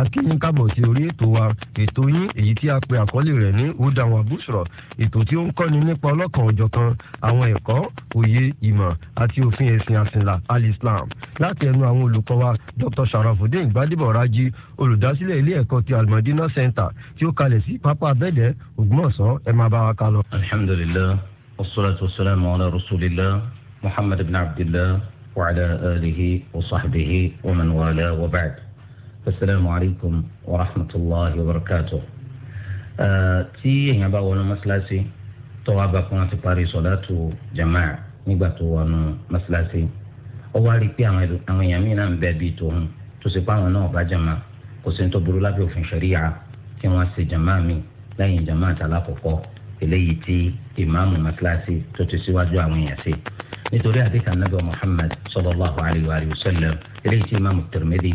akínyìn kábọ̀ sí orí ètò wa ètò yín èyí tí a pè àkọlé rẹ̀ ní udawa bushra ètò tí ó ń kọ́ni nípa ọlọ́kan ọ̀jọ̀kan àwọn ẹ̀kọ́ òye ìmọ̀ àti òfin ẹ̀sìn àsìnlá alislam láti ẹnu àwọn olùkọ́ wa dr sharafudin gbadebo raji olùdásílẹ̀ ilé ẹ̀kọ́ ti almadina center tí ó kalẹ̀ sí pápá abẹ́dẹ̀ ògbómọ̀ṣọ́ ẹ máa bá wa kálọ. alhamdulilayi wasalaatu wasalaamu ala rasulillah muhammad ibn abdillah wa ala alihi wa sahbihi wa man wala wa ba'd asalaamu alaykum wa rahmatulahi wa barakatu. Uh, tí èèyàn bá wọnú mọ́ṣáláṣí tó wá bá kún láti parí sọ̀dátù jamaa nígbà tó wọnú mọ́ṣáláṣí ó wá rí i pé àwọn èèyàn míì náà ń bẹ bíi tòun tó ṣe pé àwọn náà bá jamaa kò sí ní tó burú lábẹ́ òfin ṣẹ̀ríyà kí wọ́n ṣe jamaa míì lẹ́yìn jamaa tàlákọ̀kọ́ eléyìí tí ìmáàmù mọ́ṣáláṣí tó ti síwájú àwọn èèyàn sí nítorí àdìsá nàbẹ muhammad sallallahu alayhi wa sallam eléyìí tí imaamu tirmidhi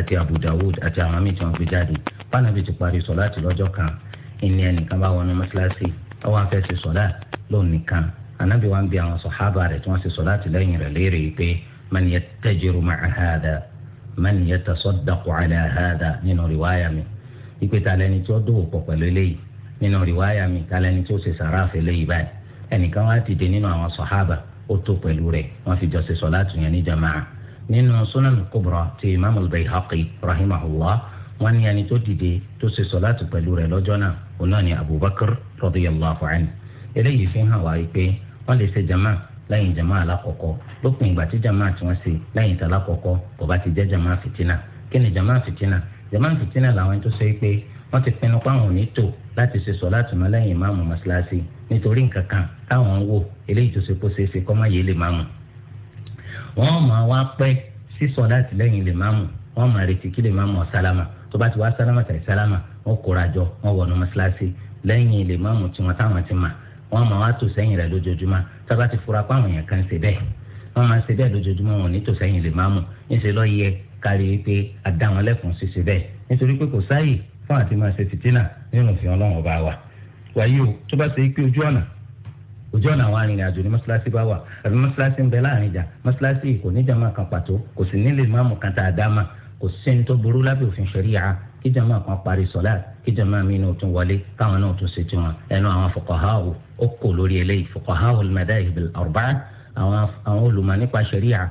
àti abu dawud àti àwọn míì tí wọn fi jáde pàànàbí ti parí sọlá ti lọ́jọ́ kan ìní ẹnìkan bá wọnú mọ́ṣáláṣí ọwọ́ afẹ́ ṣe sọlá lóun nìkan anabi wa ń bi àwọn sọ̀hábà rẹ̀ tí wọ́n ṣe sọlá ti lẹ́yìn rẹ̀ léèrè pé man yattajiru ma'a hadha man yatasaddaqu ala hadha nínú riwaya mi ìpè tàlẹ́ni tí ó dòwò pọ̀ pẹ̀lú eléyìí nínú riwaya mi tàlẹ́ni tí ó ṣe sàráàfẹ́ léyìí báyìí ẹnìkan wá dìde nínú àwọn sọ̀hábà ó tó pẹ̀lú rẹ̀ wọ́n fi jọ ṣe sọ̀láàtù yẹn ní jamaa nínú sunan kubra ti imam al-bayhaqi rahimahullah wọ́n ní ẹni tó dìde tó ṣe sọ̀láàtù pẹ̀lú rẹ̀ lọ́jọ́ náà òun náà ni abubakar radiyallahu anhu eléyìí fi hàn wáyé pé wọ́n lè ṣe jamaa lẹ́yìn jamaa alákọ̀ọ́kọ́ lópin ìgbà tí jamaa tí wọ́n ṣe lẹ́yìn tí alákọ̀ọ́kọ́ kò bá ti jẹ́ jamaa fitina kí ni jamaa fitina jamaa fitina làwọn tó ṣe pé wọ́n ti pinnu pé àwọn ò ní tò láti ṣe sọ láti mọ lẹ́yìn ìmáàmù mọ́ṣáláṣí nítorí nǹkan kan táwọn ń wò eléyìí tó ṣe kó ṣeé ṣe kọ́ mọ́ yé lè máàmù. wọ́n máa wá pẹ́ sísọ láti lẹ́yìn lè máàmù wọ́n máa retí kí lè máàmù ọ̀sálámà tó bá ti wá sálámà tàì sálámà wọ́n kóra jọ wọ́n wọnú mọ́ṣáláṣí lẹ́yìn lè máàmù tiwọn táwọn ti mà wọ́n máa wá tò sẹ́yìn rẹ̀ lójoojúmọ́ tá bá ti fura pé àwọn èèyàn kan ṣe bẹ́ẹ̀ wọ́n máa ṣe bẹ́ẹ̀ lójoojúmọ́ wọn ò ní tò sẹ́yìn lè máàmù ńṣe ló yẹ kárí pé adáwọn lẹ́kùn ṣiṣẹ́ fún àti máa ṣe fìtínà nínú òfin ọlọ́run ọba wa wàyí o tó bá ṣe pé ojú ọ̀nà ojú ọ̀nà àwọn arìnrìn àjò ní mọ́ṣáláṣí bá wà àbí mọ́ṣáláṣí ń bẹ láàrin ìjà mọ́ṣáláṣí kò ní jàmáà kan pàtó kò sì nílé máàmù kan tá a dá mà kò sẹ́ni tó burú lábẹ́ òfin ṣẹ̀ríyà kí jàmáà kan parí sọ́lá kí jàmáà mi náà tún wọlé káwọn náà tún ṣe tiwọn ẹnu àwọn fuqaha ó kò lórí eléyìí fuqaha al-madahib al àwọn àwọn olùmọ̀ nípa ṣẹ̀ríà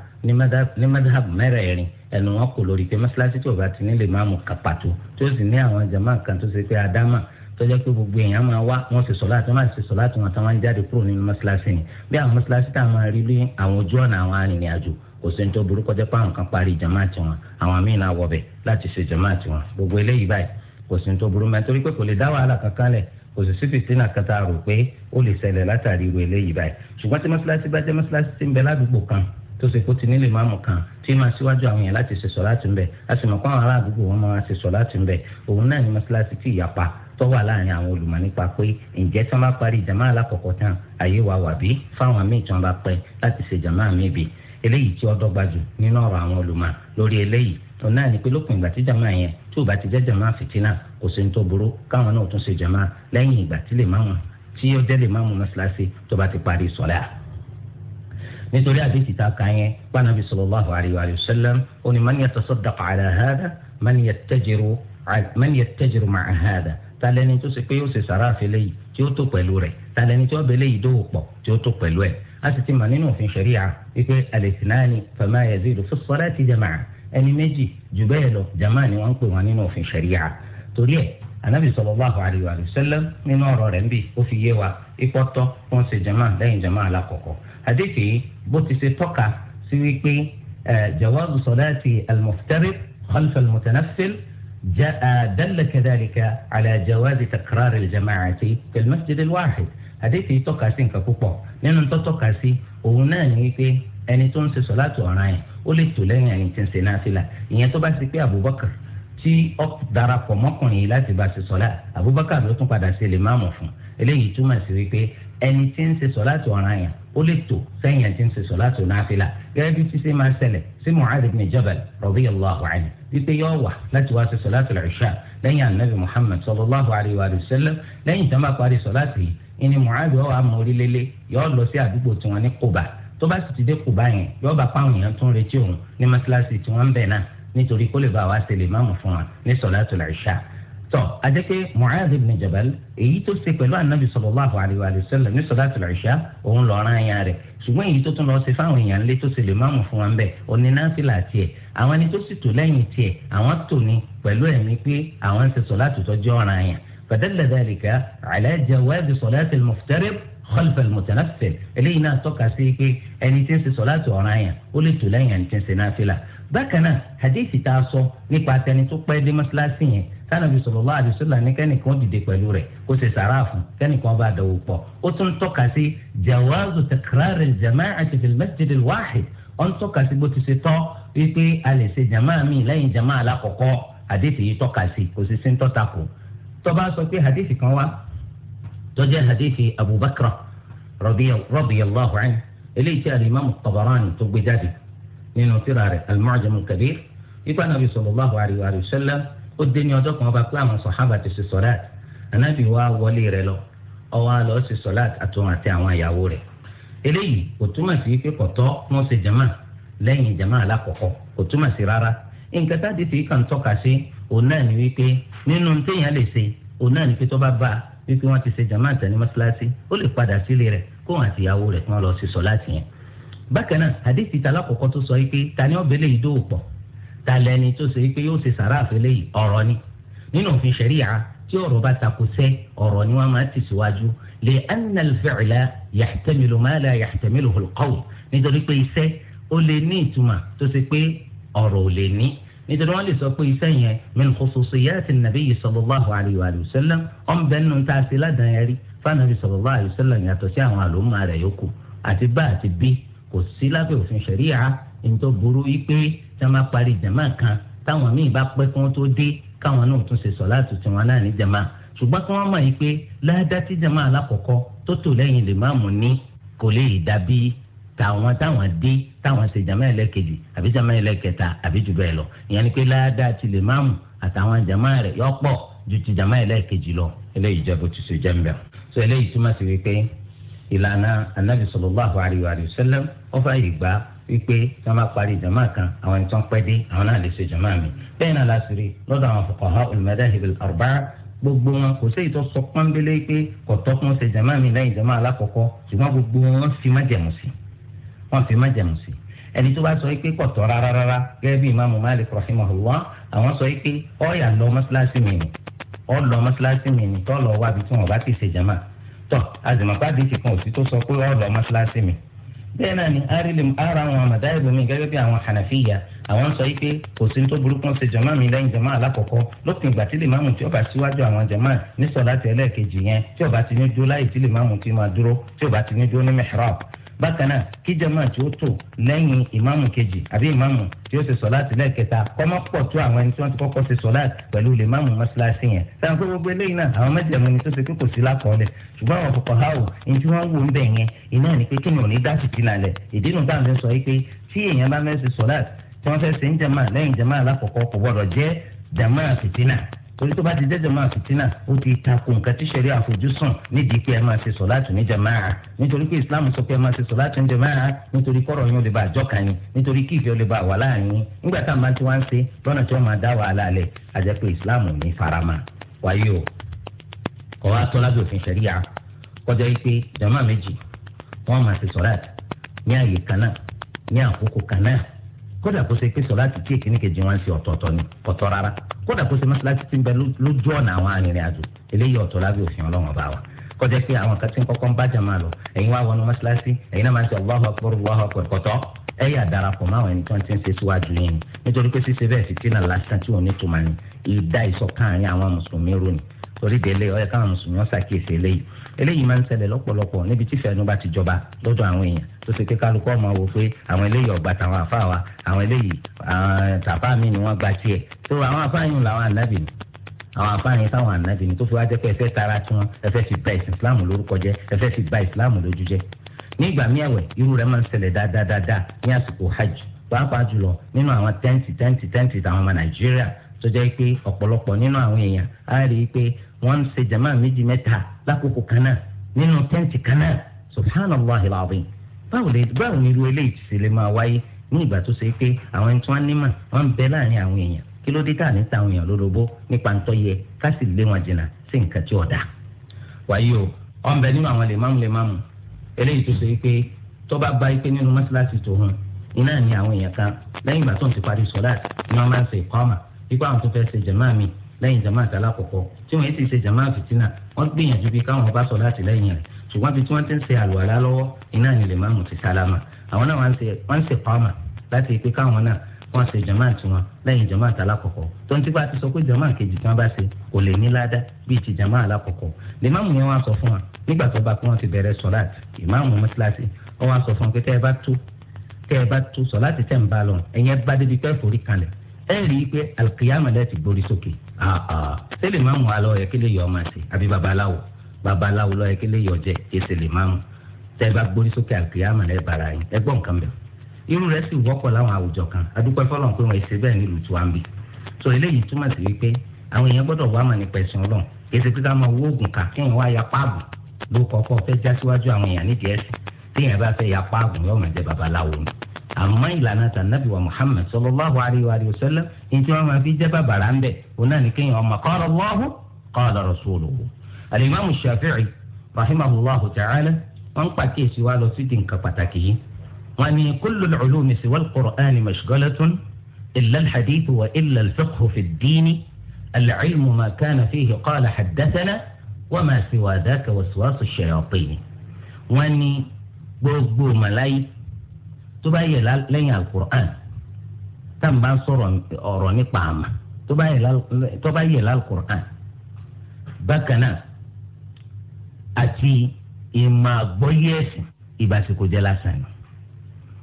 ní madhab mẹ́rẹ̀ẹ̀rin ẹnu wọn kò lórí pé mọ́ṣáláṣí tí ò bá ti nílé máàmù kan pàtó tí ó sì ní àwọn jama kan tó ṣe pé adama tó jẹ́ pé gbogbo èèyàn máa wá wọ́n ṣe sọ̀lá àti wọ́n máa ṣe sọ̀lá àti wọ́n táwọn jáde kúrò nínú mọ́ṣáláṣí ni bí àwọn mọ́ṣáláṣí tá a máa rí lé àwọn ojú ọ̀nà àwọn arìnrìn àjò kò sí ní tó burú kọjá pé àwọn kan parí jama tiwọn àwọn míì náà wọbẹ̀ láti ṣe jama tiwọn gbogbo eléyìí báyìí kò sí ní tó burú mẹ́ torí pé kò lè dá wàhálà kankan lẹ̀ kò sì sí fìtínà kan tá a rò pé ó lè ṣẹlẹ̀ látàrí irú eléyìí báyìí ṣùgbọ́n tí mọ́ṣáláṣí bá jẹ́ mọ́ṣáláṣí tí ń bẹ ládùúgbò kan tó ṣe kó ti nílé máàmù kan tí máa síwájú àwọn yẹn láti ṣe sọ láti ń bẹ a sì mọ̀ pé àwọn ará àdúgbò wọn máa ṣe sọ láti ń bẹ òun náà ni mọ́ṣáláṣí tí ìyapa tó wà láàrin àwọn olùmọ̀ nípa pé ǹjẹ́ tí wọ́n bá parí jàmá alákọ̀ọ́kọ́ tán àyè wa wà bí fáwọn míì tí wọ́n bá pẹ́ láti ṣe jàmá míì bì eléyìí tí ó dọ́gba jù nínú ọ̀rọ̀ àwọn olùmọ̀ lórí eléyìí òun náà ni pé lópin ìgbà tí jàmá yẹn tó bá ti jẹ́ jama fìtínà kò sí ní tó burú káwọn náà tún ṣe jama lẹ́yìn ìgbà tí lè máa wọn tí ó jẹ́ lè máa wọn mọ́ṣáláṣí tó bá ti parí sọ̀lá nítorí àdéhìí ta kan yẹn pànàbí sallallahu alayhi wa sallam ó ní man yatasaddaq ala hada man yattajiru man yattajiru ma'a hada talẹni tó ṣe pé yóò ṣe sàrà àfẹlẹ yìí tí ó tó pẹ̀lú rẹ̀ talẹni tó bẹlẹ yìí dòwò pọ̀ tí ó tó pẹ̀lú ẹ̀ a sì ti mà nínú òfin ṣẹríà wípé al-ithnani fama yazidu fi s-salati jama'a ẹni méjì jù bẹ́ẹ̀ lọ jama ni wọ́n ń pè wọ́n nínú òfin ṣẹ̀ríà torí ẹ̀ anabi sallallahu alayhi wa sallam nínú ọ̀rọ̀ rẹ̀ ń bì ó fi yé wa ìpọtọ wọ́n ṣe jama lẹ́yìn jama alákọ̀ọ́kọ́ àdéhìí bó ti ṣe tọ́ka sí wípé jawazu salati al-muftarid khalf al-mutanaffil dalla kadhalika ala jawazi takrar al-jama'ati fil masjid al-wahid àdéhìí sí nǹkan púpọ̀ nínú tó tọ́ka sí òun náà ní wípé ẹni tó ń ṣe sọ̀láàtì ọ̀ranyàn ó lè tò lẹ́yìn ẹni tí ń ṣe náfìlà ìyẹn tó bá ti pé Abubakar tí ó darapọ̀ mọ́kùnrin yìí láti bá ṣe sọ́lá Abubakar ló tún padà ṣe lè máàmù fún eléyìí túmọ̀ sí wípé ẹni tí ń ṣe sọ́lá tó ọ̀ràn yẹn ó lè tò sẹ́yìn ẹni tí ń ṣe sọ́lá tó náfìlà gẹ́gẹ́ bí títí máa ṣẹlẹ̀ sí Mu'adh ibn Jabal radiyallahu anhu wípé yóò wà láti wá ṣe sọ́lá tó l'Isha lẹ́yìn anabi Muhammad sallallahu alayhi wa sallam lẹ́yìn tó máa parí sọ́lá tì í ìní Mu'adh yóò wà mọ́ orílẹ̀-èlé yóò lọ sí àdúgbò tiwọn ní Quba tó bá sì ti dé kù báyẹn yóò bá pàwọn èèyàn tó ń retí òun ní mọ́ṣáláṣí tí wọ́n ń bẹ̀ náà nítorí kó lè bá wa ṣe lè máàmù fún wa ní sọ̀látùl ìṣà. tọ́ adéke Mu'adh ibn Jabal èyí tó ṣe pẹ̀lú anabi sallallahu alayhi wa sallam ní sọ̀látùl ìṣà òun lọ rán ẹ̀yà rẹ̀ ṣùgbọ́n èyí tó tún lọ ṣe fáwọn èèyàn lé tó ṣe lè máàmù fún wa ń bẹ̀ òní náfìlà tiẹ̀ àwọn ẹni tó sì tò lẹ́yìn tiẹ̀ khalfa al-mutanaffil eléyìí náà tọ́ka sí pé ẹni tí ń ṣe sọ̀láàtì ọ̀ranyàn ó lè tò lẹ́yìn ẹni tí ń ṣe náfìlà bákan náà hadithi tá a sọ nípa tẹni tó pẹ́ dé mọ́ṣáláṣí yẹn tánàbí sallallahu alaihi wasallam ní kẹ́nìkan dìde pẹ̀lú rẹ̀ kó ṣe sàrà fún kẹ́nìkan bá dọ̀wọ́ pọ̀ ó tún tọ́ka sí jawazu takrar al-jama'ati fil masjid al-wahid ó ń tọ́ka sí bó ti ṣe tọ́ wípé a lè ṣe jama mi lẹ́yìn jama alákọ̀ọ́kọ́ hadithi yìí tọ́ka sí kò sì sí ń tọ́ta kù tó sọ pé hadithi kan wá tọ́jà hadithi abubakra radiyallahu anhu eléyìí tí alimami tabarani tó gbé jáde nínú tírà rẹ̀ al-mu'jam al-kabir ipa nabi sallallahu alayhi wa sallam ó dé ní ọjọ́ kan ọba pé àwọn sọ̀hábà ti ṣe sọ̀láàt anábì wa wọlé rẹ̀ lọ ọwọ́ àlọ́ ṣe sọ̀láàt àtúnwọ̀n àti àwọn ìyàwó rẹ̀ eléyìí kò túmọ̀ sí pé kọ̀tọ́ wọn ṣe jama lẹ́yìn jama alákọ̀ọ́kọ́ kò túmọ̀ sí rárá nǹkan tá a ti fi kàn tọ́ka sí òun náà ni wípé nínú téèyàn lè ṣe òun náà ni pé tó bá bá a wípé wọ́n ti ṣe jama tẹ̀ ní mọ́ṣáláṣí ó lè padà sílé rẹ̀ kó wọn àti ìyàwó rẹ̀ kí wọ́n lọ sí sọ láti yẹn. bákan náà hadith ìta alákọ̀ọ́kọ́ tó sọ wípé ta ni ọ̀bẹ lèyí dó pọ̀ ta lẹni tó ṣe wípé yóò ṣe sàrà àfẹ́lẹ́ yìí ọ̀rọ̀ ni nínú òfin ṣẹ̀ríyà tí ọ̀rọ̀ bá takò sẹ́ ọ̀rọ̀ ni wọ́n máa ti síwájú lè anna al-fi'la nítorí wọn lè sọ pé iṣẹ́ yẹn min khususiyyati nabiyyi sallallahu alayhi wa sallam ọ̀n bẹ́ẹ̀ nù tá a ṣe ládàá yẹn rí fanabi sallallahu alayhi wa sallam yàtọ̀ sí àwọn àlòmọ́ rẹ̀ yòókù àti bá àti bí kò sí lábẹ́ òfin ṣẹ̀ríyà nítorí burú wípé tí wọ́n bá parí jàmá kan táwọn míì bá pẹ́ kí wọ́n tó dé káwọn náà tún ṣe sọ̀láàtù tiwọn náà ní jàmá ṣùgbọ́n kí wọ́n mọ̀ yìí pé tí jàmá alákọ̀ọ́kọ́ tó tò lẹ́yìn lè má mú ní kò lè dàbí tàwọn táwọn dé táwọn ṣe jama ẹlẹ́kejì àbí jama ẹlẹ́kẹta àbí jù bẹ́ẹ̀ lọ ìyẹn ni pé ládàá ti lè máàmù àtàwọn jama rẹ̀ yọ pọ̀ ju ti jama ẹlẹ́kejì lọ eléyìí jẹ́ bó ti ṣe jẹ́ mbẹ́ so eléyìí túmọ̀ sí wípé ìlànà anabi sallallahu alayhi wa sallam wọ́n fà yìí gbà wípé tí wọ́n bá parí jama kan àwọn ẹni tó ń pẹ́ dé àwọn náà lè ṣe jama mi bẹ́ẹ̀ náà lásìrí lọ́dọ̀ àwọn fuqaha al-madahib al-arba'a gbogbo wọn kò sí ìtọ́ sọ pọ́nbélé pé kọ̀tọ́ fún ṣe jama mi lẹ́yìn jama alákọ̀ọ́kọ́ ṣùgbọ́n gbogbo wọn fi má jẹ̀mú sí i wọ́n fi májẹ̀mú sí ẹni tó bá sọ pé kò tọ́ rárá rárá gẹ́gẹ́ bí ìmáàmù Malik rahimahullah àwọn sọ pé ọ̀yà lọ mọ́ṣáláṣí mi ni ọ̀ lọ mọ́ṣáláṣí mi ni tọ́ lọ wá bí tí wọ́n bá ti ṣe jàmá tọ́ azìmọ̀páàdé ti kan òsì tó sọ pé ọ̀ lọ mi bẹ́ẹ̀ náà ni ara àwọn àmàdáyébò mi gẹ́gẹ́ bí àwọn hànàfíyà àwọn sọ pé kò sí tó burúkú ṣe jàmá mi lẹ́yìn jàmá alákọ̀ọ́kọ́ lópin ìgbà tí lè máàmù tí ó bá síwájú àwọn jàmá ní sọ̀láàtì ẹlẹ́ẹ̀kejì yẹn tí ó bá ti ní dúró láyè tí lè máàmù tí máa dúró tí ó bá ti ní dúró ní mihrab bákan náà kí jama tí ó tò lẹ́yìn ìmáàmù kejì àbí ìmáàmù tí ó ṣe sọ̀láàtì lẹ́ẹ̀kẹta kọ́mọ́ pọ̀ tó àwọn ẹni tí wọ́n ti kọ́kọ́ ṣe sọ̀láàtì pẹ̀lú lè máàmù mọ́ṣáláṣí yẹn sáà pé gbogbo eléyìí náà àwọn mẹ́jẹ̀mú ni tó ṣe pé kò sí lákọọ́lẹ̀ ṣùgbọ́n àwọn kọ̀kọ́ háwò ní tí wọ́n wò ń bẹ̀ yẹn iná ni pé kí ni òní dá fìtì nalẹ̀ ìdí nu táwọn fẹ́ sọ yìí pé tí èèyàn bá fẹ́ ṣe sọ̀láàtì tí torí tó bá ti jẹ́jọ́ máa fìtínà ó ti takò nǹkan tí sẹ́rí àfojúsùn nídìí pé ẹ máa ṣe sọ̀láàtù ní jàmáà nítorí pé islam sọ pé ẹ máa ṣe sọ̀láàtù ní jàmáà nítorí kọ́rọ̀ yín ó lè bá àjọkàn yín nítorí kí ìfẹ́ ó lè bá wà láàrin yín nígbà tá a máa ti wá ń ṣe lọ́nà tí wọ́n máa dá wàhálà lẹ̀ a pé islam ò ní farama wáyé o kọ́ wa tọ́ lábẹ́ òfin sẹ́ríà kọjá yìí pé jàmáà méjì wọ́n máa ṣe sọ̀láàtù ní àyè kan ní àkókò kan kódà kó ṣe pé sọ kí èkíní kejì wọn ṣe ọ̀tọ̀ọ̀tọ̀ ni ọ̀tọ̀ rárá kódà kó ṣe mọ́ṣáláṣí ti ń bẹ lójú ọ̀nà àwọn arìnrìn àjò eléyìí ọ̀tọ̀ lábẹ́ òfin ọlọ́wọ́n bá wa kọjá pé àwọn kan tí ń kọ́kọ́ ń bá jàmá lọ ẹ̀yin wá wọnú mọ́ṣáláṣí ẹ̀yin náà máa ń ṣe Allahu Akbar Allahu Akbar kọ̀tọ́ ẹ yà darapọ̀ mọ́ àwọn ẹni tí wọ́n ti ń ṣe síwájú yìí nítorí pé ṣíṣe bẹ́ẹ̀ fìtínà lásán tí òun ní tòmá ni ìdá ìṣọ̀kan àárín àwọn mùsùlùmí rò ní torí délé ó yẹ káwọn mùsùlùmí ṣàkíyèsí eléyìí eléyìí máa ń ṣẹlẹ̀ lọ́pọ̀lọpọ̀ níbi tí fẹ́ẹ́nu bá ti jọba lọ́dọ̀ àwọn èèyàn tó ṣe pé kálukú máa wò pé àwọn eléyìí ọ̀gbà tàwọn àfa wa àwọn eléyìí tàfà mi ni wọ́n gba tiẹ̀ tó àwọn àfa yìí làwọn ànábì ni àwọn àfa yìí táwọn ànábì ni tó fi wá jẹ́ pé ẹ fẹ́ tara tiwọn ẹ fẹ́ fi bà ìsìlámù lórúkọ jẹ́ ẹ fẹ́ fi bà ìsìlámù lójú jẹ́ nígbà míì ẹ̀wẹ̀ irú rẹ̀ máa ń ṣẹlẹ̀ dáadáa ní àsìkò hajj pàápàá jùlọ nínú àwọn tẹ́ǹtì tẹ́ǹtì tẹ́ǹtì táwọn ọmọ nàìjíríà tó jẹ́ pé ọ̀pọ̀lọpọ̀ nínú àwọn èèyàn á rí i pé wọ́n ń ṣe jama méjì mẹ́ta lákòókò kan náà nínú tẹ́ǹtì kan náà subhanallah alazim báwo lè báwo ni irú eléyìí ti ṣe lè máa wáyé ní ìgbà tó ṣe pé àwọn ẹni tí wọ́n ní mà wọ́n ń bẹ láàrin àwọn èèyàn kí ló dé tá à ní tàwọn èèyàn lólobó nípa ntọ́ yẹ ká sì lé wọn jìnnà sí nǹkan tí ọ̀dà. wáyé o ọ̀n bẹ nínú àwọn lèmámù lèmámù eléyìí tó ṣe pé tó bá gba ipe nínú mọ́ṣáláṣí tó hàn iná ní àwọn èèyàn kan lẹ́yìn ìgbà tó ń ti parí sọ́dà ni wọ́n máa ń ṣe ìkọ́mà wípé àwọn tó fẹ́ ṣe jàmáà mi lẹ́yìn jama àtàlà kọ̀kọ́ tí wọ́n yé ti ṣe jama fìtínà wọ́n gbìyànjú bí káwọn bá sọ láti lẹ́yìn rẹ̀ ṣùgbọ́n bí tí wọ́n ti ń ṣe àlùwàlá lọ́wọ́ iná ni lèmáàmù ti sálámà àwọn náà wọ́n ń ṣe pàmà láti pé káwọn náà wọ́n ṣe jama tiwọn lẹ́yìn jama àtàlà kọ̀kọ́ tó ń tipa ti sọ pé jama kejì tí wọ́n bá ṣe kò lè ní ládá bíi ti jama alákọ̀kọ́ lèmáàmù yẹn wá sọ fún wa nígbà tó bá pé wọ́n ti bẹ̀rẹ̀ sọ̀láàtì ìmáàmù mọ́sálásí wọ́n wá sọ fún wa pé tẹ́ ẹ bá tú tẹ́ ẹ bá tú sọ̀láàtì tẹ́ ń bá lọ ẹ̀yẹn bá débi pẹ́ forí kalẹ̀ ẹ rí i pé alikiyama lẹ ti borí sókè sẹlẹ ah, ah. máa ń wà lọ yẹ kí lè yọ ọmọ àti àbí babaláwo babaláwo lọ yẹ kí lè yọ jẹ èsè lè máa ń tẹ bá borí sókè alikiyama lẹ bara yín ẹ gbọ́ nǹkan bẹ̀. irú rẹ̀ sì wọ́pọ̀ láwọn àwùjọ kan adúpẹ́ fọlọ́n pé wọ́n ṣe bẹ́ẹ̀ nílùú tí wàá ń eléyìí túmọ̀ sí wípé àwọn èèyàn gbọ́dọ̀ wá mà nípa ẹ̀sìn ọlọ́run pé ká máa wó oògùn kà kéèyàn wá ya páàbù ló kọ́kọ́ fẹ́ já síwájú àwọn èèyàn nídìí ẹ̀sìn téèyàn bá fẹ́ ya páàbù yọ̀ọ̀mọ̀ jẹ́ babaláwo ni àmọ́ ìlànà tànàbí wa Muhammad sallallahu alayhi wa sallam ìjọ wọn máa fi jẹ́ bàbàrà ń bẹ̀ òun náà ní kéèyàn ọmọ qala Allahu qala rasuluhu. alimami shafi'i rahimahullahu ta'ala wọn ń pàkíyèsí wa lọ sí ti nǹkan pàtàkì yìí wọn ni kullu al-ulumi siwa al-qur'ani mashghalatun illa al-hadithu wa illa al-fiqhu fi ad-dini al ma kana fihi qala haddathana wa ma siwa dhaka waswasu ash wọn ni gbogbo màláyìí tó bá yẹ lẹ́yìn alukur'an tá n bá sọ̀rọ̀ ọ̀rọ̀ nípa àmà tó bá yẹ alukur'an bákan náà àti ìmọ̀ àgbọ́yé ẹ̀sìn ìbásíkò jẹ́ lásán ni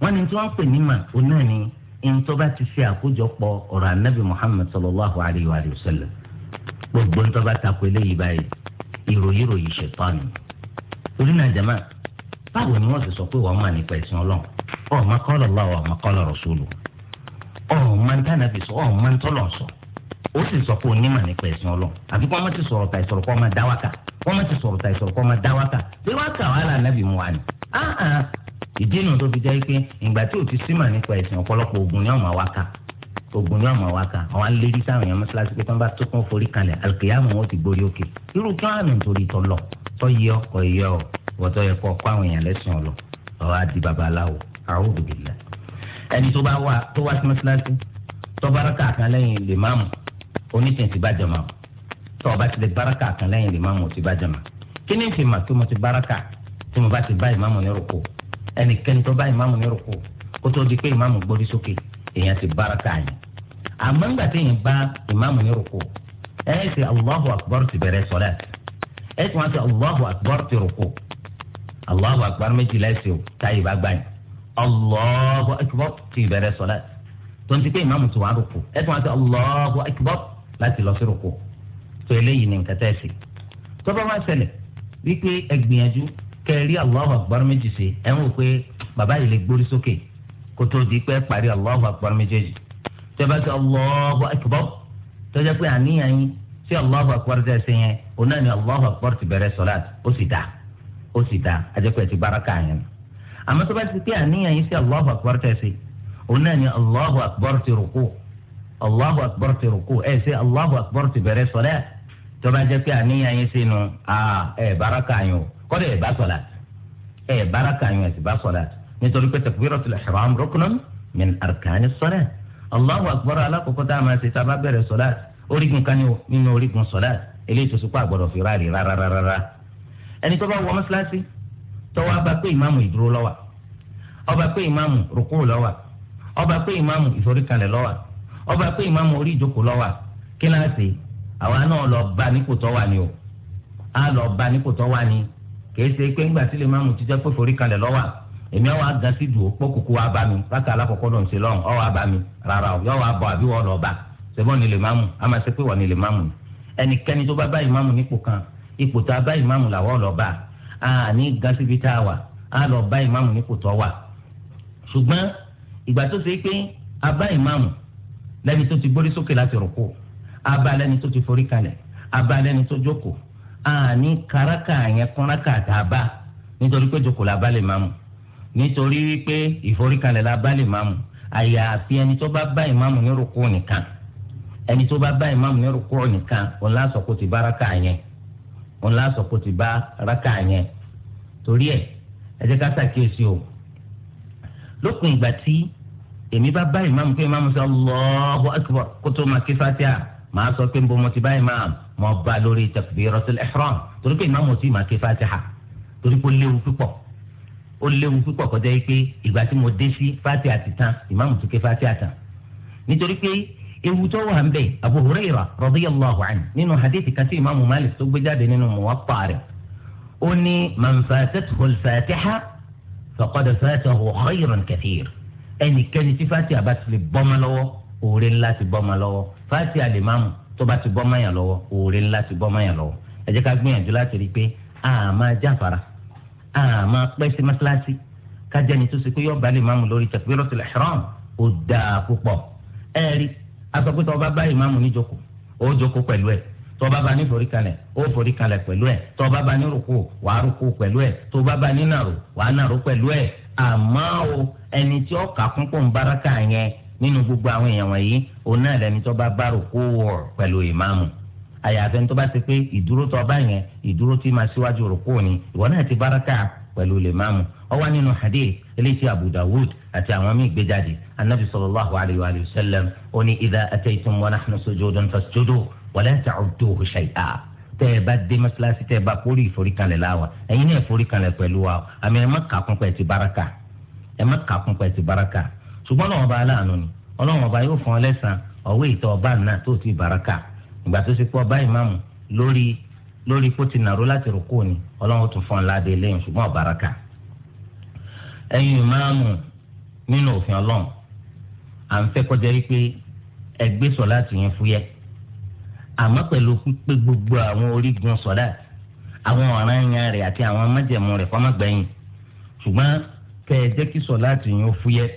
wọ́n ní tí wọ́n ń pè ní mà ó náà ni ntọ́ba ti ṣe àkójọpọ̀ ọ̀rọ̀ anabi muhammed sallallahu alayhi wa sallam gbogbo ntọ́ba takò eléyìí báyìí ìròyìn ròyìn ṣètọ́ni torí náà jama báwo ni wọ́n ti sọ pé wọ́n mà nípa ẹ̀sìn ọlọ́run ọ̀ oh, ma qala Allah wa ma qala rasuluhu oh, ọ̀ ma ń tànà fi sọ ọ̀ oh, ma ń tọ́lọ̀ sọ ó sì sọ pé onímọ̀ nípa ẹ̀sìn ọlọ́ àfi kọ́ ma ti sọ̀rọ̀ ta ìsọ̀rọ̀ kọ́ ma dá wákà kọ́ ma ti sọ̀rọ̀ ta ìsọ̀rọ̀ kọ́ ma dá wákà pé wákà wàhálà nàbì mu wà ní. ìdí inú tó fi jẹ́ pé ìgbà tí ò ti símọ̀ nípa ẹ̀sìn ọ̀pọ̀lọpọ̀ ogun ni ọ̀ma wákà ogun ni ọ̀ma wákà àwọn alérí sáwọn èèyàn mọ́ṣáláṣí pé tí wọ́n bá tó kún forí kalẹ̀ alùkìyàmù wọn ti gbórí òkè irú kí wọ́n á nù torí tọ́lọ̀ tọ́ yẹ ọkọ̀ yẹ ọ wọ́tọ́ yẹ kọ́ kó àwọn èèyàn lẹ́sìn ọ̀lọ́ ọ̀ á di babaláwo a'udhu billah ẹni tó bá wà tó wá sí mọ́ṣáláṣí tó báraka kan lẹ́yìn lèmáàmù onítìyẹn ti bá jàmá tó o bá ti lè báraka kan lẹ́yìn lèmáàmù ti bá jàmá kí ni fi mà tó mo ti báraka tí mo bá ti bá ìmáàmù ní rúkú ẹnikẹ́ni tó bá ìmáàmù ní rúkú kó tó di pé ìmáàmù gbórí sókè èèyàn ti báraka yẹn àmọ́ ńgbà tí èèyàn bá ìmáàmù ní rúkú ẹ ẹ ti ti bẹ̀rẹ̀ sọ́lá ẹ ti ti allahu akbar ti rúkú allahu akbar méjìlá ẹ̀sìn táyì bá gbà Allahu akbar ti ìbẹ̀rẹ̀ sọ̀lá tó ń ti pé ìmáàmù tó wà rúkú ẹ tún wá sí Allahu akbar láti lọ sí rúkú tó eléyìí ni nǹkan tẹ́sí tó bá wá ṣẹlẹ̀ wípé ẹ gbìyànjú kẹrí Allahu akbar méjì sí ẹ ń wò pé bàbá yìí lè gbórí sókè kó tó di pé parí Allahu akbar méjèèjì tó bá sí Allahu akbar tó jẹ́ pé àníyàn yín sí Allahu akbar tẹ́sí yẹn òun náà ni Allahu akbar ti bẹ̀rẹ̀ sọ̀lá ó sì dá ó sì dá ajẹ́pẹ́ ti bára káàyàn àmọ́ tó bá ti pé àníyàn yìí sí Allahu akbar tẹ̀sí òun náà ni Allahu akbar ti rùkú Allahu akbar ti rùkú ẹ̀ ṣe Allahu akbar ti bẹ̀rẹ̀ sọ̀rẹ́ tó bá jẹ́ pé àníyàn yìí sí nu ẹ̀ baraka yín o kọ́dọ̀ ẹ̀ bá sọ̀lá ẹ̀ baraka yín ẹ̀ sì bá sọ̀lá nítorí pé takbiratul ihram ruknun min arkani sọ̀lá Allahu akbar alákòókò tá a máa ṣe tá bẹ̀rẹ̀ sọ̀lá orígun kan nínú orígun sọ̀lá eléyìí tó tọ́wọ́ abá pé ìmáàmù ìdúró lọ́wà ọba pé ìmáàmù rúkú lọ́wà ọba pé ìmáàmù ìforíkalẹ̀ lọ́wà ọba pé ìmáàmù orí ìjókòó lọ́wà kíláàsì àwa náà lọ bá nípò tó wà ní o a lọ bá nípò tó wà ní kìí ṣe pé ńgbà sílẹ̀ ìmáàmù ti jẹ́ pé ìforíkalẹ̀ lọ́wà èmi àwọn aga sí dùn ó pọ́ kúkú wa bá mi bákan alákọ̀ọ́kọ́ ló ṣe lọ́rùn ọ̀wà bá mi rárá o yọ̀wà bọ̀ àbí wọ́n lọ bá ṣẹ́bọ̀n ni lè máàmù a máa ṣe pé wọ́n ni lè máàmù ẹnikẹ́ni tó bá bá ìmáàmù nípò kan ipò tá a bá ìmáàmù làwọn lọ bá a àní gásíbi tá a wà á lọ bá ìmáàmù ní kò tọ́ wà ṣùgbọ́n ìgbà tó ṣe pé a bá ìmáàmù lẹ́ni tó ti gbórí sókè láti rùkú a bá lẹ́ni tó ti forí kalẹ̀ a bá lẹ́ni tó jókòó àní káràkà yẹn kọ́nràkà tá nítorí pé jókòó la bá lè máàmù nítorí wípé ìforíkalẹ̀ la bá lè máàmù àyàfi ẹni tó bá bá ìmáàmù ní rùkú nìkan ẹni tó bá bá ìmáàmù ní rúkúrò nìkan òun ti báraká yẹn òun láṣọ kò ti bá rákà yẹn torí ẹ ẹ jẹ́ ká ṣàkíyèsí o lópin ìgbà tí èmi bá bá ìmáàmù pé ìmáàmù sọ Allahu akbar kó tó máa kí fatiha màá sọ pé nbọ mo ti bá ìmáàmù mo bá lórí takbiratul ihram torí pé ìmáàmù ti máa kí fatiha torí pé ó léwu púpọ̀ ó léwu púpọ̀ kọjá yìí pé ìgbà tí mo dé sí fatiha ti tán ìmáàmù tún kí fatiha tán nítorí pé ewu tó wà ń bẹ Abu Hurairah radiyallahu anhu nínú hadith kan tí imaamu Malik tó gbé jáde nínú Muwatta rẹ̀ ó ní man fatathu al-fatiha faqad fatahu khayran kathir ẹnikẹ́ni tí fatiha bá ti lè bọ́mọ lọ́wọ́ oore ńlá ti bọ́mọ lọ́wọ́ fatiha lè máàmù tó bá ti bọ́mọ yàn lọ́wọ́ oore ńlá ti bọ́mọ yàn lọ́wọ́ ẹ ká gbìyànjú láti rí i pé a máa jáfara a máa pẹ́ sí mọ́sálásí kájẹ́ni tó ṣe pé yọ̀ọ́ bá lè máàmù lórí takbiratul ihram ó dáa púpọ̀ ẹ̀rí aṣọ pé tọ́ba bá ìmáàmù níjókòó ó joko pẹ̀lú ẹ̀ tọ́ba bá ní forí kalẹ̀ ó forí kalẹ̀ pẹ̀lú ẹ̀ tọ́ba bá ní rúkú wà á rúkú pẹ̀lú ẹ̀ tọ́ba bá ní nàró wà á nàró pẹ̀lú ẹ̀ àmọ́ o ẹni tí ó kà kún pọ̀ ń baraka yẹn nínú gbogbo àwọn èèyàn wọ̀nyí òun náà lẹni tó bá bá rúkú wọ̀ pẹ̀lú ìmáàmù àyàfẹ́ ní tó bá ti pé ìdúró tó yẹn ìdúró tí máa síwájú rúkú ni ìwọ náà ti baraka pẹ̀lú lè ọwọ́ nínú hadith eléyìí abu dawud àti àwọn míì gbé jáde anabi sallallahu alayhi wa sallam ó ní idha ataytum wa nahnu sujudan fasjudu wa la ta'udduhu shay'a tẹ ẹ bá dé mọ́sálásí tẹ ẹ bá forí ìforíkanlẹ̀ láwa ẹ̀yin náà ìforíkanlẹ̀ pẹ̀lú wa àmì ẹ̀ má kà kún pẹ̀ ti baraka ẹ̀ má kà kún pẹ̀ ti baraka ṣùgbọ́n ọlọ́wọ́n bá aláàánú ni ọlọ́wọ́n bá yóò fún ọ lẹ́sàn ọ̀wé ìtọ́ ọba náà tó ti baraka ìgbà tó ṣe pé ọba ìmáàmù lórí lórí kó ti nàró láti rò kó ni tún fún ọ ládé lẹ́yìn ṣùgbọ́n ọ̀baraka ẹ̀yin ìmáàmù nínú òfin ọlọ́run à ń fẹ́ kọjá yìí pé ẹgbẹ́ sọ̀láàtì yẹn fúyẹ́ àmọ́ pẹ̀lú pípé gbogbo àwọn orígun sọ̀láàtì àwọn ọ̀ràn yẹn rẹ̀ àti àwọn májẹ̀mú rẹ̀ fọ́mọ́gbẹ̀yìn ṣùgbọ́n kẹ́ ẹ jẹ́ kí sọ̀láàtì yẹn ó fúyẹ́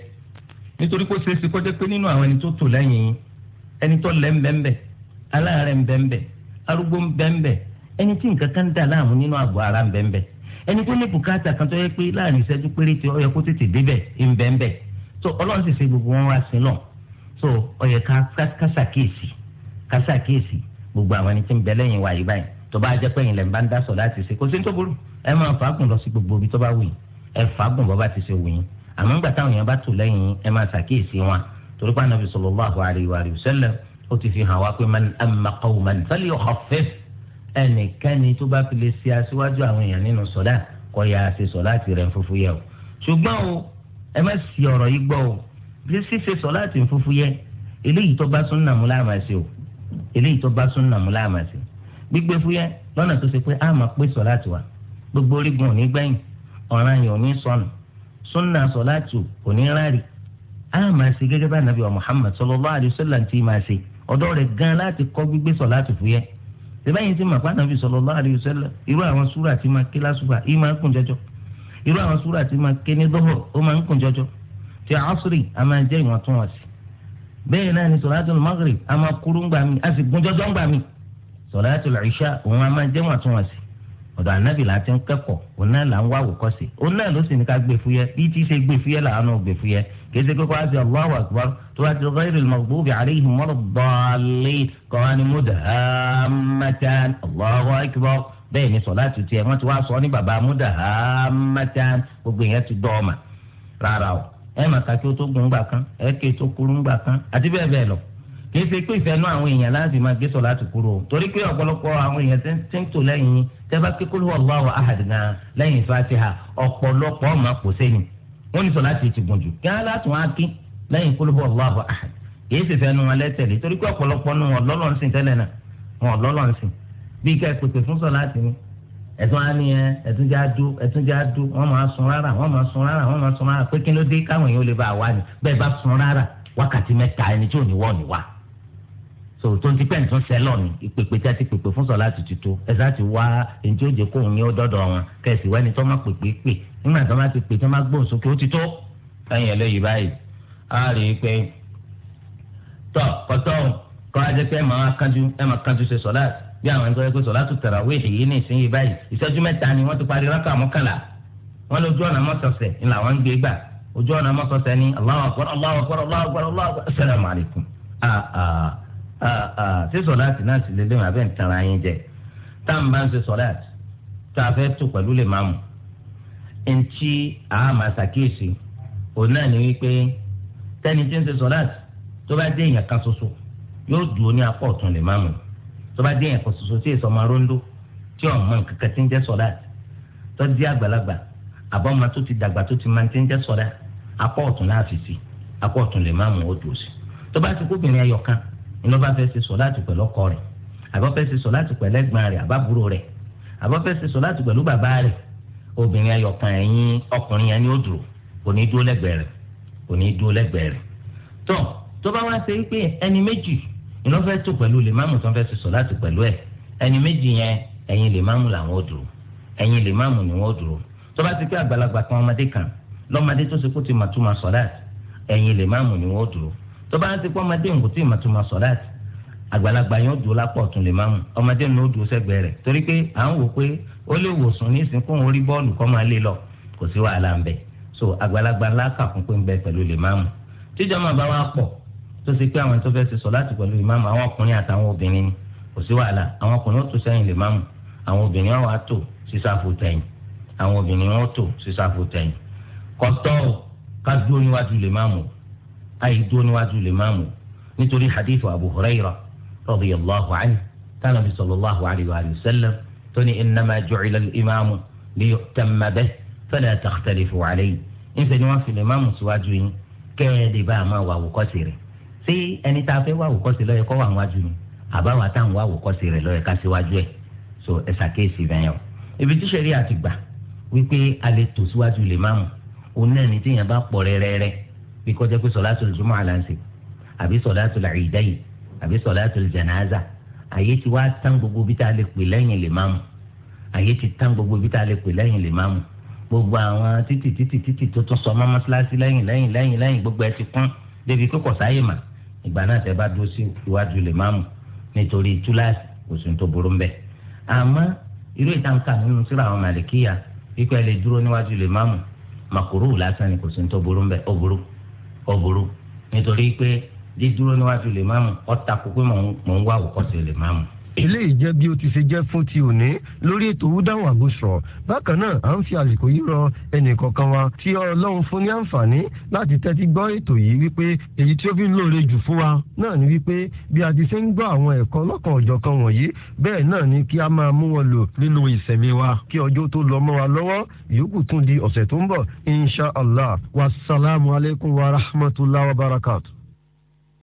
nítorí kó ṣeé ṣe kó jẹ́ pé nínú àwọn ẹni tó tò lẹ́yìn yín ẹni tó lẹ́ ńbẹ́ńbẹ́ aláàárẹ̀ ńbẹ́ńbẹ́ arúgbó ńbẹ́ńbẹ́ ẹni tí nǹkan kan dà láàmú nínú àgọ́ ara ńbẹ́ńbẹ́ ẹni tó ní bùkátà kan tó yẹ pé láàrin ìṣẹ́jú péréte ó kó tètè débẹ̀ ìbẹ̀ǹbẹ̀ so ọlọ́run sì ṣe gbogbo wọn wá sí lọ so ó yẹ ká ṣàkíyèsí ká ṣàkíyèsí gbogbo àwọn ẹni tí ń bẹ lẹ́yìn wa yìí báyìí tó bá jẹ́ pé ìlẹ̀ ń bá ń dásọ̀ láti ṣe kò sí tó burú ẹ máa fàágùn lọ sí gbogbo ibi tó bá wù yín ẹ fàágùn bọ́ bá ti ṣe wù yín àmọ́ ńgbà táwọn èèyàn bá ẹnikẹ́ni tó bá fi lè ṣe aṣíwájú àwọn èèyàn nínú sọ̀dá kọ́ ya ṣe sọ láti rẹ̀ fúnfún yẹ o ṣùgbọ́n o ẹ má sì ọ̀rọ̀ yìí gbọ́ o bí ṣíṣe sọ láti fúnfún yẹ eléyìí tó bá súnà mú láàmà sí o eléyìí tó bá súnà mú láàmà sí gbígbé fúyẹ́ lọ́nà tó ṣe pé a máa pé sọ láti wà gbogbo orígun ò ní gbẹ̀yìn ọ̀ràn yìí ò ní sọnù súnà sọ láti o kò ní rárí a máa ṣe gẹ́gẹ́ bá nàbí wa Muhammad sallallahu alaihi wasallam ti máa ṣe ọ̀dọ́ rẹ̀ gan láti kọ́ gbígbé sọ láti fúyẹ́ sẹ́bẹ̀yìn tí màpá nàbì sallallahu alaihi wasallam irú àwọn súrà tí máa ké lásùbà yìí máa ń kùn jọjọ irú àwọn súrà tí máa ké ní dọ́họ̀ ó máa ń kùn jọjọ ti asri a máa jẹ́ ìwọ̀ntúnwọ̀nsì bẹ́ẹ̀ náà ni sọ̀látùl maghrib a máa kúrú ńgbà mi a sì gún jọjọ ńgbà mi sọ̀látùl ìṣà òun a máa jẹ́ ìwọ̀ntúnwọ̀nsì ọ̀dọ̀ ànábì la ti ń kẹ́kọ̀ọ́ òun náà là ń wá àwòkọ́ṣe òun náà ló sì ní ká gbé fúyẹ́ bí tí í ṣe gbé fúyẹ́ làwọn náà gbé fúyẹ́ kìí ṣe kókó àti Allahu akbar tó bá ti ghayril maghdubi alayhim waladdallin kan ni mudhammatan Allahu akbar bẹ́ẹ̀ ni sọ̀lá ti tiẹ̀ wọ́n ti wá sọ ní bàbá mudhammatan gbogbo kìí ṣe pé ìfẹ́ nú àwọn èèyàn láti máa gbé sọ láti kúrò torí pé ọ̀pọ̀lọpọ̀ àwọn èèyàn ti ń tò lẹ́yìn tẹ́fà kíkúrú Allahu ahad gan lẹ́yìn fatiha ọ̀pọ̀lọpọ̀ máa pò sẹ́yìn wọ́n ní sọ láti ti gùn jù kí á látún á kí lẹ́yìn kúrú Allahu ahad kìí ṣe fẹ́ nú wọn lẹ́tẹ̀lé torí pé ọ̀pọ̀lọpọ̀ nú wọn lọ́lọ́ nsìn tẹ́lẹ̀ náà wọn lọ́lọ́ nsìn bí ká pèpè fún sọ láti ni bẹ́ẹ̀ so tó ń ti pẹ́ ń tún sẹ́lọ̀ ni ìpèpè tí a ti pèpè fún sọ̀lá ti tutù ẹ̀sà ti wá ètò òjò kó òun yẹn ó dọ́dọ̀ wọn kẹ̀sì wẹ́ni tó má pèpè pè nígbà tó má ti pè tó má gbóhùn sókè ó ti tó ẹ̀yìn ẹlẹ́yìí báyìí á rí i pé tọ́ kọ́tọ́ kọ́ ajẹ́ pé ẹ máa kánjú ẹ máa kánjú ṣe sọ̀lá bí àwọn ẹni tó yẹ pé sọ̀lá tó tẹ̀ra wé èyí ní ìsinyìí báyìí ìṣẹ́jú mẹ́ta ni wọ́n ti parí rákà mọ́kànlá wọ́n lójú ọ̀nà mọ́sọ̀ọ̀sẹ̀ ni làwọn ń gbé gbà ojú ọ̀nà mọ́sọ̀ọ̀sẹ̀ ni Allahu akbar Allahu akbar Allahu akbar Allahu akbar assalamu alaikum ah, ah ṣé sọláàtì náà sì lélẹ́yìn abẹ́ ń tanra yín jẹ tá à ń bá ń ṣe sọláàtì tá a fẹ́ tó pẹ̀lú lè máa mú ntí a máa ṣàkíyèsí òun náà ni wípé tẹ́ni tí ń ṣe sọláàtì tó bá dé èèyàn kan ṣoṣo yóò dúró ní apá ọ̀tún lè máa mú tó bá dé èèyàn kan ṣoṣo tí èso ọmọ aróńdó tí ọmọ nǹkankan ti ń jẹ́ sọláàtì tó di àgbàlagbà àbọ̀mọ tó ti dàgbà tó ti máa ti ń jẹ́ sọláàtì apá ọ̀tún láàfin sí apá ọ̀tún lè máa mú ó sí tó bá ti kóbìnrin ẹyọ kan ńlọba fẹ́ ṣe sọ láti pẹ̀lú ọkọ rẹ̀ àbọ̀ fẹ́ ṣe sọ láti pẹ̀lú ẹ̀gbọ́n rẹ̀ àbábúrò rẹ̀ àbọ̀ fẹ́ ṣe sọ láti pẹ̀lú bàbá rẹ̀ obìnrin ayọ̀kan ẹ̀yìn ọkùnrin yẹn ni ó dúró kò ní dúró lẹ́gbẹ̀ẹ́ rẹ̀ kò ní dúró lẹ́gbẹ̀ẹ́ rẹ̀ tó tó bá wá ṣe pé ẹni méjì ńlọfẹ́ tó pẹ̀lú lè máàmù tó ń fẹ́ ṣe sọ láti pẹ̀lú ẹ̀ ẹni méjì yẹn ẹ̀yìn lè máàmù làwọn ó dúró ni wọ́n ó dúró tó bá ti pé àgbàlagbà kan ọmọdé kan lọ́mọdé tó ṣe kó ti màtúmọ̀ sọ̀láàtì ẹ̀yìn lè ni wọ́n tó bá ń ti pọ́ ọmọdé nǹkó tí ìmọ̀túnmọ̀ sọ̀ láti àgbàlagbà yóò dúró lápọ̀ tún lè máa mú ọmọdé ní ó dúró sẹ́gbẹ̀ẹ́ rẹ̀ torí pé à ń wò pé ó lè wòsàn ní ìsìnkú òun rí bọ́ọ̀lù kọ́ máa lé lọ kò sí wàhálà ń bẹ̀ so àgbàlagbà ńlá kàkún pé ń bẹ pẹ̀lú lè máa mú tíjọ́ máa bá wa pọ̀ tó ṣe pé àwọn tó fẹ́ ṣe sọ láti pẹ̀lú lè máa mú àwọn ọkùnrin àtàwọn obìnrin ni kò sí wàhálà àwọn ọkùnrin ó tò sẹ́yìn lè máa mú àwọn obìnrin wọn wá tò àìdúró níwájú lè máa mú nítorí hadith abu huraira radiyallahu anhu tánà fi sallallahu alayhi wa sallam tó ní innama ju'ila al-imamu liyu'tamma bihi fala takhtalifu alayhi níṣẹ́ ni wọ́n fi lè máa mú síwájú yín kẹ́ẹ̀ẹ́dì bá a máa wà wòkọ́sì rẹ̀ ṣé ẹni tá a fẹ́ wà wòkọ́sì lọ́yẹ kọ́ wà wájú ni àbáwá táwọn wà wòkọ́sì so ẹ ṣàkíyèsí bẹ́ẹ̀ yẹn o ibi tí sẹ́rí àti gbà wípé a lè tò síwájú lè máa mú òun náà ní tíyẹn bá bí kọjá pé sọlátul jumu'ah là ń ṣe àbí sọlátul ìdáyì àbí sọlátul janaza àyè ti wá tán gbogbo bí tá a lè pè lẹ́yìn lè máàmù àyè ti tán gbogbo bí tá a lè pè lẹ́yìn lè máàmù gbogbo àwọn títì títì títì tó tún sọ mọ́mọ́ síláṣí lẹ́yìn lẹ́yìn lẹ́yìn lẹ́yìn gbogbo ẹ ti kún débi kíkọ̀ sáyè mà ìgbà náà tẹ bá dúró sí iwájú lè máàmù nítorí túláàsì kò sí tó burú mbẹ. àmọ́ irú ìtànkà nínú síra àwọn màlìkíyà ikú ẹ lè dúró níwájú lè máàmù màkúrú lásán ni kò sí tó burú mbẹ ó burú kò burú nítorí pé dídúró níwájú lè máàmù ọ̀tà kó pé mò ń wá òkọ́sẹ̀ lè máàmù eléyìí jẹ́ bí ó ti ṣe jẹ́ fún ti òní lórí ètò wúdáhùn àgùsọ̀ bákan náà à ń fi àsìkò yìí rọ ẹnìkọ̀ọ̀kan wa tí ọlọ́run fún ní àǹfààní láti tẹ́tí gbọ́ ètò yìí wípé èyí tí ó fi lóore jù fún wa náà ni wípé bí a ti ṣe ń gbọ́ àwọn ẹ̀kọ́ lọ́kàn ọ̀jọ̀kan wọ̀nyí bẹ́ẹ̀ náà ni kí a máa mú wọn lò nínú ìṣẹ̀mí wa kí ọjọ́ tó lọ mọ́ wa lọ́wọ́ ìyókù